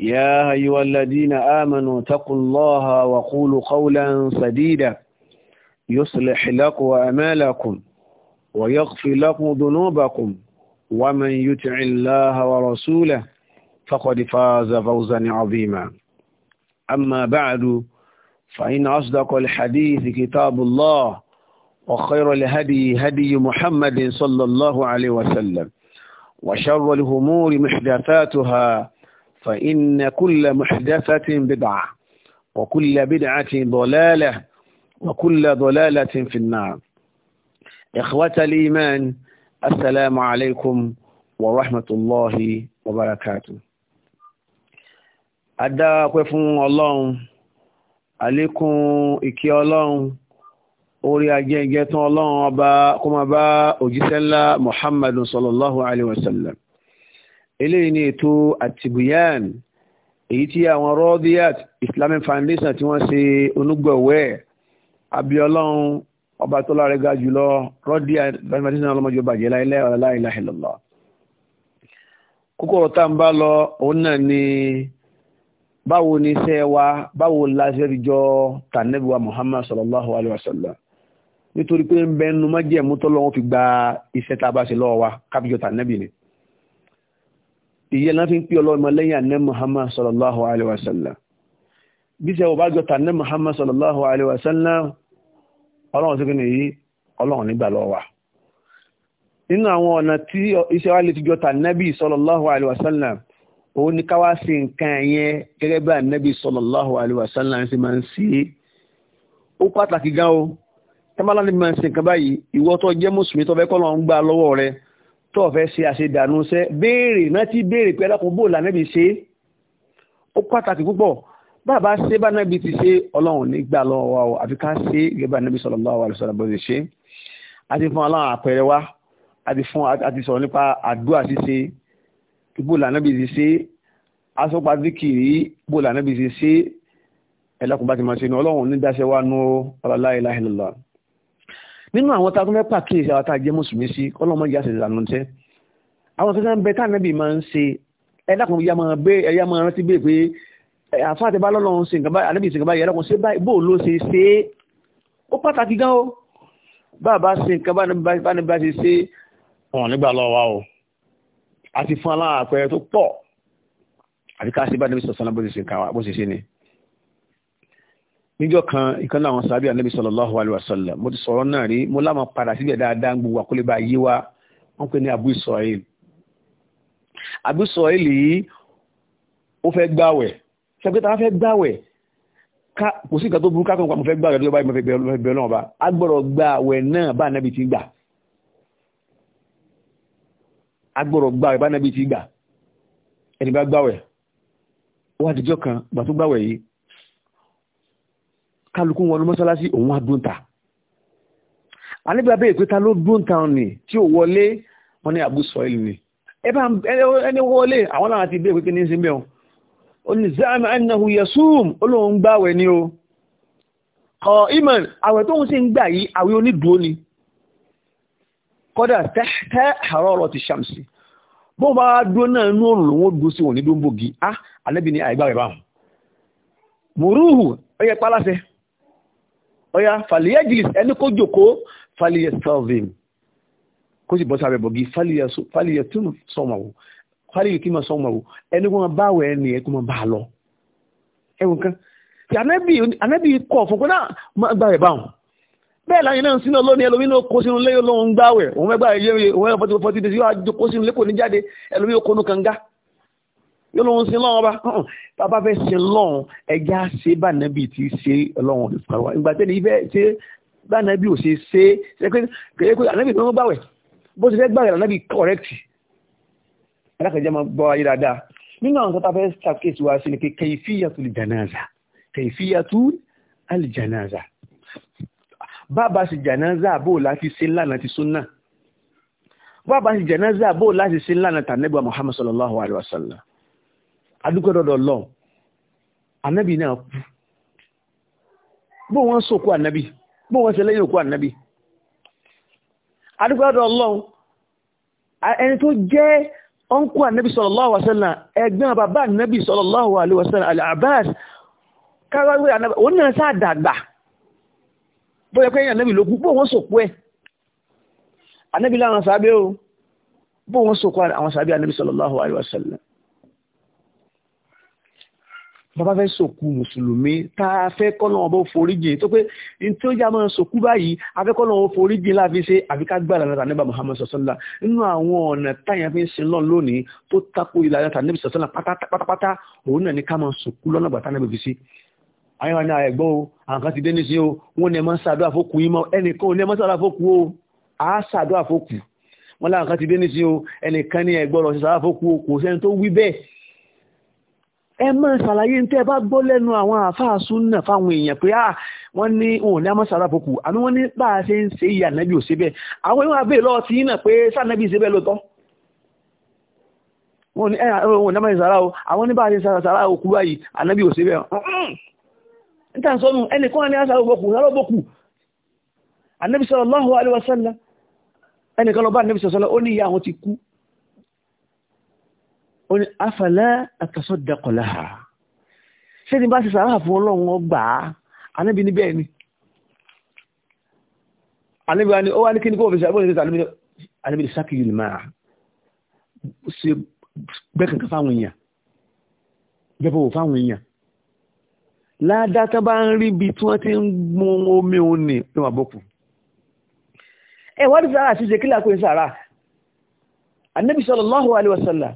يا أيها الذين آمنوا اتقوا الله وقولوا قولا سديدا يصلح لكم أمالكم ويغفر لكم ذنوبكم ومن يطع الله ورسوله فقد فاز فوزا عظيما أما بعد فإن أصدق الحديث كتاب الله وخير الهدي هدي محمد صلى الله عليه وسلم وشر الهمور محدثاتها فإن كل محدثة بدعة وكل بدعة ضلالة وكل ضلالة في النار إخوة الإيمان السلام عليكم ورحمة الله وبركاته adáwọ́pẹ́ fún ọlọ́run àlékún ìkẹ́ ọlọ́run orí ajé ìgẹ́tún ọlọ́run ọba kó máa bá òjíṣẹ́ ńlá muhammadun sallallahu alaihi wasallam eléyìí ni ètò àtìbùyàn èyí tí àwọn rọ́díàt islamic foundation tí wọ́n ṣe onúgbọ̀wẹ́ abiọlọ́run ọba tó láre ga jùlọ rọ́díàt foundation ọlọ́mọdé bàjẹ́ láìlẹ́ ọ̀la ilaha illallah kókó ọ̀tá ń bá lọ òun náà ni báwo ni iṣẹ́ wa báwo la jọ tànẹ́bíwá muhammad sallallahu alayhi wa sallam nítorí pé ń bẹnu májẹ̀mú tọ́lọ́wọ́n fi gba iṣẹ́ tá a bá ṣe lọ́wọ́ wa kábíjọ tànẹ́bì ni ìyẹn láti ń pè ọlọ́mọ lẹ́yìn àná muhammad sallallahu alayhi wa sallam bí sẹ́wọ́ bá jọta àná muhammad sallallahu alayhi wa sallam ọlọ́run sí kìnnì yìí ọlọ́run nígbà lọ wà nínú àwọn ọ̀nà tí iṣẹ́ wa lè ti jọta nábì sallallahu alayhi wa sallam òun ni káwá sí nǹkan yẹn gẹ́gẹ́ bí ànábì sallallahu alayhi wa sallam ṣe máa ń sí ó pàtàkì gan o tẹ́mọ́lá ni máa ń ṣe nǹkan báyìí ìwọ tó jẹ́ mùsùlùmí tó fẹ́ kọ́ lọ́n gbà lọ́wọ́ rẹ̀ tó fẹ́ ṣe àṣedànù sẹ́ béèrè náà ti béèrè pé ẹlẹ́kùn bò lànàbì ṣe ó pàtàkì púpọ̀ bàbá ṣe bá nàbì ti ṣe ọlọ́run nígbà lọ́wọ́ wa o àfi ká ṣe gẹ́gẹ́ bá nàbì sallallahu alaihi wasallam bó ṣe ṣe a ti fún aláwọn àpẹẹrẹ wa a ti fún a ti sọ̀rọ̀ nípa àdúrà ṣíṣe bó lànàbì ti ṣe asọ́pá zikiri bó lànàbì ti ṣe ẹlẹ́kùn bá ti máa ṣe ni ọlọ́run nígbàṣẹ́ wa nú ọlọ́lá ilaha illallah nínú àwọn tá tó fẹ́ pàkíyèsí àwọn tá jẹ́ mùsùlùmí sí ọlọ́mọ ìyá ṣẹ̀ṣẹ̀ lànà tẹ́ àwọn kankan bẹ tá nẹ́bì máa ń ṣe ẹ̀dàkùn ìyá máa bẹ ẹ̀yà máa rántí bẹ́ẹ̀ pé àfa àti balọ̀ lọ́hún ṣe nǹkan báyìí ànábì ṣe nǹkan báyìí ẹ̀dàkùn ṣe báyìí bó ló ṣe ṣe é ó pàtàkì gan o bàbá ṣe nǹkan báyìí bá ṣe ṣe wọn nígbà lọ́wọ́ o àti fún aláàpẹrẹ tó pọ̀ àti ká ṣe bá níbi sọ̀sán bó ṣe ṣe ni níjọ́ kan ìkan náà àwọn sàbí ànábì sallallahu alaihi wasallam mo ti sọ̀rọ̀ náà rí mo láwọn padà síbẹ̀ dáadáa gbogbo àkólébá yé wa wọ́n pè ní Abu Israel Abu Israel yìí ó fẹ́ gbàwẹ̀ ṣẹ́gbẹ́ta fẹ́ gbàwẹ̀ kò sí nǹkan tó burú kákan mo fẹ́ gbàwẹ̀ tó yẹ báyìí mo fẹ́ bẹ̀rẹ̀ náà bá a gbọ́dọ̀ gbàwẹ̀ náà bá ànábì ti gbà a gbọ́dọ̀ gbàwẹ̀ bá ànábì ti gbà ẹni bá gbàwẹ̀ kálukú wọnú mọ́sálásí òun adúntà àníbi abẹ́ ìpẹta ló dúntà ni tí ò wọlé wọn ní àbúsọ ìlú ni ẹni wọlé àwọn náà ti bẹ́ẹ̀ pé kí ní sí mẹ́wọ̀n ó ní zama annahu yasum olóhun gbàwẹ̀ ni o kọ iman àwẹ̀ tóun sì ń gbà yìí àwẹ̀ onídùú ni kọ́dà tẹ́ àrọ́rọ̀ ti ṣàmsì bó bá dúró náà inú òrùn lòun ó dúró sí òun ní dóńbògì á ah, àlẹ́bí ni àìgbàwẹ̀ báwọn mùrúhù ó yẹ pálásẹ̀ ọ̀yá fàlìyẹ́jìlì ẹni kó jòkó fàlìyẹ́ selvin kó sì bọ́ sábẹ́ bọ̀gì fàlìyẹ́ tún sọmọ̀wò fàlìyẹ́ kí máa sọmọ̀wò ẹni kó máa báwọ̀ ẹni ẹ kó máa bá a lọ. ẹ̀wọ̀n kan tí anábì kọ̀ fún pé náà máa gbà rẹ̀ báwọn bẹ́ẹ̀ láyé náà sínú ọlọ́ni ẹlòmí náà kó sínú lé lóun gbáwẹ̀ òun fẹ́ yẹ́ òun fẹ́ fọ́tí fọ́tí yóò lóun sin lọ́wọ́ bá bàbá fẹ́ sin lọ́wọ́ ẹja ṣe bá nàbì tí ṣe lọ́wọ́ ìfọwọ́ ìgbà tẹ́lẹ̀ ìfẹ́ ṣe bá nàbì ò ṣe ṣe ṣe pé kèye pé ànábì tó ń gbàwẹ̀ bó ṣe fẹ́ gbàwẹ̀ ànábì kọ̀rẹ́kì alákàjẹ́ máa gbọ́ ayé dáadáa nínú àwọn sọ́tà fẹ́ ṣàkíyèsí wa sí ni pé kẹ̀yìfìyàtú aljanaza kẹ̀yìfìyàtú aljanaza bàbá sì janaza bó láti ṣe lánàá ti súnà bàbá sì janaza bó láti ṣe lánàá tànẹ́gbà Muhammad sallallahu alaihi sallam adúgbòdọ̀dọ̀ lọ ànábì náà kú bó wọ́n sòkú ànábì bó wọ́n ṣe lẹ́yìn òkú ànábì adúgbòdọ̀dọ̀ lọ ẹni tó jẹ́ ọ̀nkú ànábì sallallahu alaihi wasallam ẹgbẹ́ bàbá ànábì sallallahu alaihi wasallam al-Abbas káwáwé ànábì òun náà sáà dàgbà bóyá pé èèyàn ànábì ló kú bó wọ́n sòkú ẹ̀ ànábì láwọn sàbẹ́ o bó wọ́n sòkú àwọn sàbẹ́ ànábì sallallahu alaihi wasallam bàbá fẹ́ sòkú mùsùlùmí tá a fẹ́ kọ́nà ọba foríjìn tó pé tí ó yá máa sòkú báyìí afẹ́kọ́nà ọba foríjìn láfi ṣe àfikà gbàdà lára níbà Muhammad sọ̀sọ́lá nínú àwọn ọ̀nà táyà fi ń sin lọ́n lónìí tó tako ìlànà tà níbi sọ̀sọ́lá pátápátá òun náà ní ká máa sòkú lọ́nà gbàtà níbi fi sí. àyẹ̀wò ni àyẹ̀gbọ́ o àǹkan ti dé ní sí o wọ́n ní ẹ máa ń ṣàdúrà fókù yín mọ́ ẹnìkan ò ní ẹ máa ń ṣàdúrà fókù o à á ṣàdúrà fókù wọ́n láǹkan ti dé ní sí o ẹnìkan ní ẹ̀gbọ́rọ̀ ṣe ṣàdúrà fókù o kò sẹ́ni tó wí bẹ́ẹ̀ ẹ máa ṣàlàyé ní tẹ́ ẹ bá gbọ́ lẹ́nu àwọn àáfàá súnà fáwọn èèyàn pé ah, wọ́n ní òun ní àmọ́ sàrà fòkù àmì wọ́n ní bá a ṣe ń ṣe ìyá ànábì ò ṣe bẹ́ẹ̀ àwọn ìwọ̀n abẹ́ lọ́wọ́ ti yínà pé sànábì ṣe bẹ́ẹ̀ lóòótọ́ wọ́n ní eh, eh, òun ní àmọ́ sàrà o àwọn ní bá a ṣe sàrà sàrà òkú báyìí ànábì ò bẹ́ẹ̀ níta sọnù ẹnìkan ní àṣà òbòkù sàrà òbòkù ànábì sallallahu alaihi ó ní afẹ́lẹ́ àtàsọ́dẹ́kọ̀lẹ́ ha ṣé ní bá ti sàrà fún ọlọ́run ọgbà anábì ní bẹ́ẹ̀ ni anábì wa ni ó wá ní kí ni kó fi sàrà fún anábì sákì yìí máa ṣe gbẹ́kànká fáwọn èèyàn gbẹ́bọ̀ fáwọn èèyàn ládá tán bá ń rí bí tí wọ́n ti ń mú omi òun ní ìwọ̀n àbọ̀kù ẹ̀ wọ́n ti sàrà sí kílà kó ń sàrà anábì sallallahu alaihi wasallam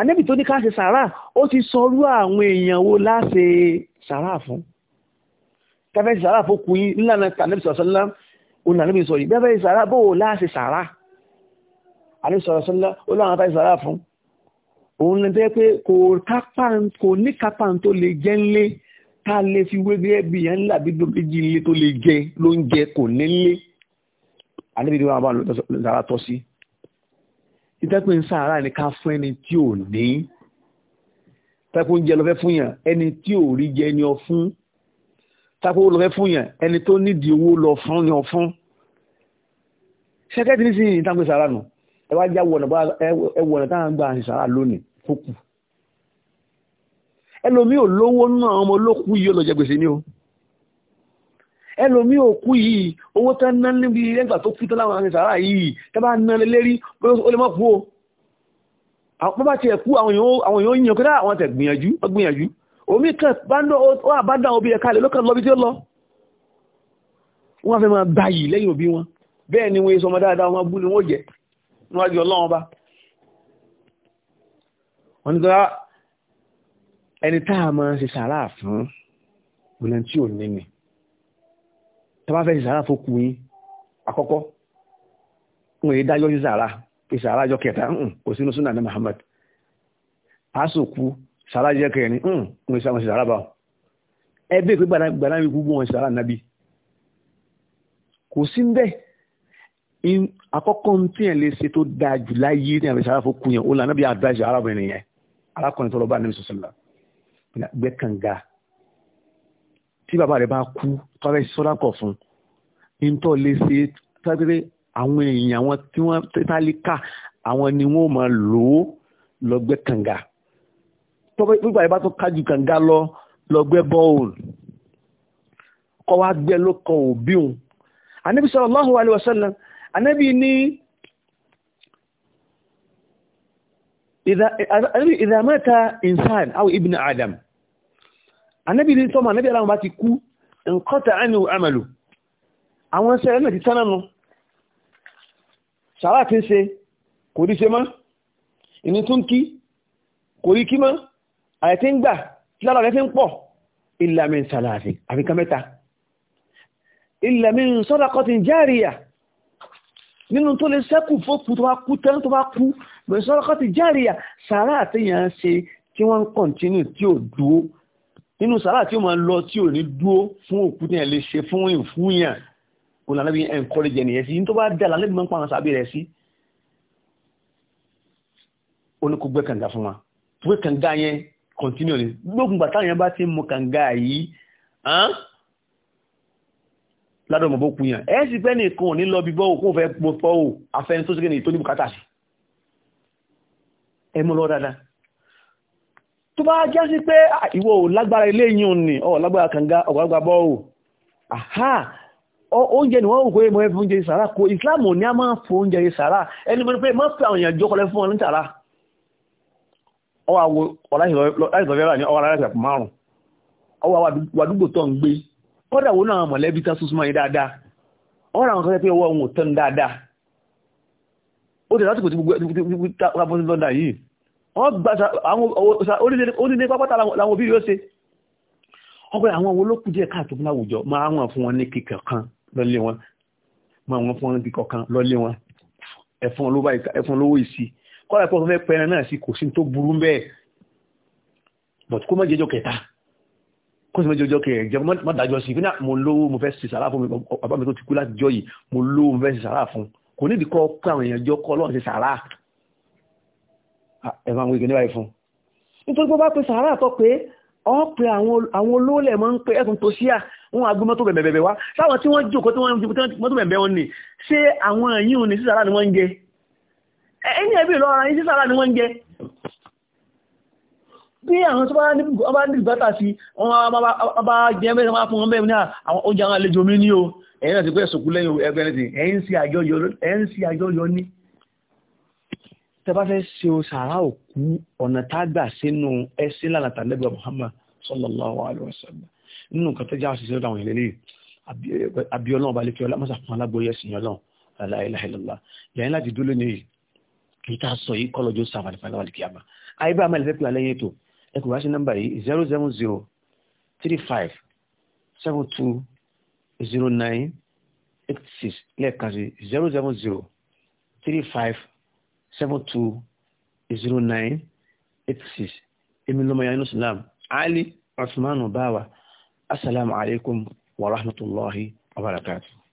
ànẹ́bì tó ní ká ṣe sàárà ó ti sọrú àwọn èèyàn wo láṣe sàárà fún káfẹ́ ṣe sàárà fún kùnyìn nílànà tànẹ́bì sọ̀rọ̀sọ́lá òun ànẹ́bì sọ yìí bẹ́ẹ̀ sàárà bó o láṣe sàárà ànẹ́bì sọ̀rọ̀sọ́lá ó láwọn fẹ́ sàárà fún òun lè tẹ́ pé kò ní kápá tó lè jẹ́ ńlé tá lè fi wégbé ẹbí yẹn ńlá bí ló méjì ńlé tó lè jẹ ló ń jẹ kò ní ńlé ànẹ́bì tó wà bá lọ́sàárà tọ́ sí ìtẹ́pẹ́ ń sàárà ní ká fún ẹni tí ò ní tẹ́pẹ́ oúnjẹ lọ́fẹ́ fún yàn ẹni tí ò rí jẹ ni ọ fún tẹ́pẹ́ owó lọ́fẹ́ fún yàn ẹni tó nídìí owó lọ fún ni ọ fún ṣẹ́kẹ́tì nísìnyí ìtàpẹ́ sàárà nù ẹ wá já ẹwọ̀nà táwọn gbà ń sàárà lónìí kókù ẹlòmí ò lówó náà ọmọ olókùú yìí ó lọ jẹ gbèsè ni o ẹlòmíì òkú yìí owó tán ná níbi ẹgbà tó kú tán láwọn àmì sàárà yìí tẹ́ bá ná lé lérí pé ó lè mọ́ kú o àwọn bá ti àwọn èèyàn yìnyín kọ́dá ah, àwọn tẹ̀ gbìyànjú ọgbìyànjú omi kan wà bá dán obìnrin kalẹ̀ lókàn lọ́bí tí ó lọ wọ́n fẹ́ máa gbayì lẹ́yìn òbí wọn bẹ́ẹ̀ ni wọ́n yé sọmọ dáadáa wọn bú ni wọ́n jẹ́ níwájú ọlọ́run bá wọ́n ní tọ́lá ah, ẹni tá a máa ṣe sàárà fún ọ̀nà tí ò ní ni tọ́bá fẹ́ ìsàrá fún kù yín àkọ́kọ́ wọn èyí dájọ́ ìsàrá ìsàrá jọ kẹta kò sínú súnà ní Muhammad asòkú ìsàrá jẹ́ kẹrin wọn ìsàrá ìsàrá bá ẹbí pé gbàdá wípé gbogbo wọn ìsàrá nàbí kò sí ń bẹ́ àkọ́kọ́ ń tí ẹ̀ lè ṣe tó dáa jù láyé ní àwọn ìsàrá fún kù yẹn ó lànà bí àdájọ́ arábìnrin yẹn arákùnrin tó lọ bá nàbí sọ̀sọ̀lá tí bàbá rẹ̀ bá kú tọ́lá ìṣọ́dákọ̀ fún un tó lè ṣe tábìlẹ̀ àwọn èèyàn àwọn tí wọ́n tálíkà àwọn ni wọ́n máa lò ó lọ́gbẹ́ kànga nígbà yẹn bá tún kájú kànga lọ lọ́gbẹ́ bọ́ọ̀lù kọ́ wá gbẹ́ ló kan òbí òun anabi sallallahu alaihi wasallam anabi ní idha mata insan aw ibn adam anábì ní tọ́mọ anábì aláwọ̀ bá ti kú nǹkan tà ánì àmàlù àwọn ẹsẹ̀ ẹ̀nà ti tánà nu sàrà ti ń ṣe kò rí ṣe mọ́ ìní tún kí kò rí kí mọ́ àyẹ̀tí ń gbà tí lára rẹ̀ ti ń pọ̀ ìlàmì sàlàsì àfikà mẹ́ta ìlàmì sọ́dakọ́tì járíyà nínú tó lè sẹ́kù fókù tó bá kú tán tó bá kú bẹ̀rẹ̀ sọ́dakọ́tì járíyà sàrà àtẹ̀yàn ṣe tí wọ́n ń kọ̀ntínú tí ò dúó nínú sàrà tí ó máa lọ tí ò ní dúó fún òkú tí ẹ̀ lè ṣe fún ìfúnyàn òun lànà bí encourage ẹnìyẹn sí tó bá dà lálẹ́ bí máa ń pa àwọn sàbí rẹ̀ sí ó ní kó gbẹ́ kànga fún wa gbé kànga yẹn continue ni gbógun gbàtà yẹn bá ti mú kànga yìí ládọ̀ mọ̀ bó kú yàn ẹ̀ sì fẹ́ nìkan ní lọ bíbọ́ òkú fẹ́ pọ̀ afẹ́ni tó ṣe kí ni tó ní bùkátà sí ẹ mú lọ dáadáa tó bá jẹ́ sí pé ìwọ ò lágbára ilé yìí òní ọ̀ lágbára kànga ọ̀gbàgbà bọ́ọ̀rù àhá oúnjẹ ni wọ́n rò pé mo fẹ́ oúnjẹ sàrà kò Islam ò ní a máa fọ oúnjẹ sàrà ẹni mo ní pé máa fi àwọn èèyàn jókòó fún wọn ní sàrà ọwọ́ àwọ ọ̀láìsọ̀fẹ́rà ní ọwọ́ aláìsà márùn ọwọ́ wọ́n gba orílẹ̀ pápátá láwọn òbí yóò ṣe ọgbẹ́ àwọn olókùn díẹ̀ káàtó fún àwùjọ máa wọ́n fún wọn ní kíkọ̀ kan lọ́lé wọn máa wọ́n fún wọn ní kíkọ̀ kan lọ́lé wọn ẹ̀fọn lówó ìsì kọ́lá ìpọ̀ fẹ́ pẹran náà sí kò sí tó burú bẹ́ẹ̀ but kó má jẹjọ kẹta kó sì má jẹjọ kẹjọ má dájọ́ sí fúnà mo lówó mo fẹ́ sì sàrà fún mi bàbá mi tó ti kú láti jọ yìí mo lówó mo fẹ́ sì sàrà fún kò nídìí kọ́ pé àwọn èèyàn jọ kọ́ lọ́n sì sàrà ẹ̀fà àwọn ìgbìyànjú báyìí fún nítorí pé bá pe sàárà àtọ́ pé ọ́ pe àwọn olóòlẹ̀ máa ń pe ẹkùn tó síà wọn agbé mọ́tò bẹ̀bẹ̀bẹ̀ wá sáwọn tí wọ́n jókòó tí wọ́n ju mọ́tò bẹ̀bẹ̀ wọn ni ṣé àwọn yìí òní sísàrà ni wọ́n ń jẹ ẹni ẹbí lọ ara yín sísàrà ni wọ́n ń jẹ bí àwọn tó bá ní bùkátà sí wọn bá jẹ mẹ́rin máa fún wọn bẹ́ẹ̀ ní àwọn oúnjẹ àwọn àlejò mi ní o ẹ̀yìn àti pé ẹ̀sùnkú lẹ́yìn ẹgbẹ́rin sí ẹ̀yìn sí àjọyọ̀ ní tẹ́bá fẹ́ ṣe o sàárá òkú ọ̀nà tágbà sínú ẹsẹ̀ lánàá tàlẹ́gbà Muhammad sallallahu alaihi wasallam nínú nǹkan tẹ́jà òṣìṣẹ́ ọ̀dà àwọn ìlẹ́lẹ́ abiola ọba lẹ́kẹ́ ọlá mọ́sàkùn alágbóyè ẹ̀sìn ọlọ́run la ilaha illallah yẹn láti dúró ní èyí tá a sọ yìí kọ́lọ́jọ́ sàmàlì fún aláwàlì kìyàmá ayé bá amẹ́lẹ́ fẹ́ pè alẹ́ yẹn ẹ kò wá sí nọ́mbà yìí zero seven zero three five seven two zero nine eight six lẹ́ẹ̀kan sí zero seven zero three five seven two zero nine eight six èmi lọ́mọ ya ali usman bawa asalaamualeykum wa rahmatulahi wa barakatuh.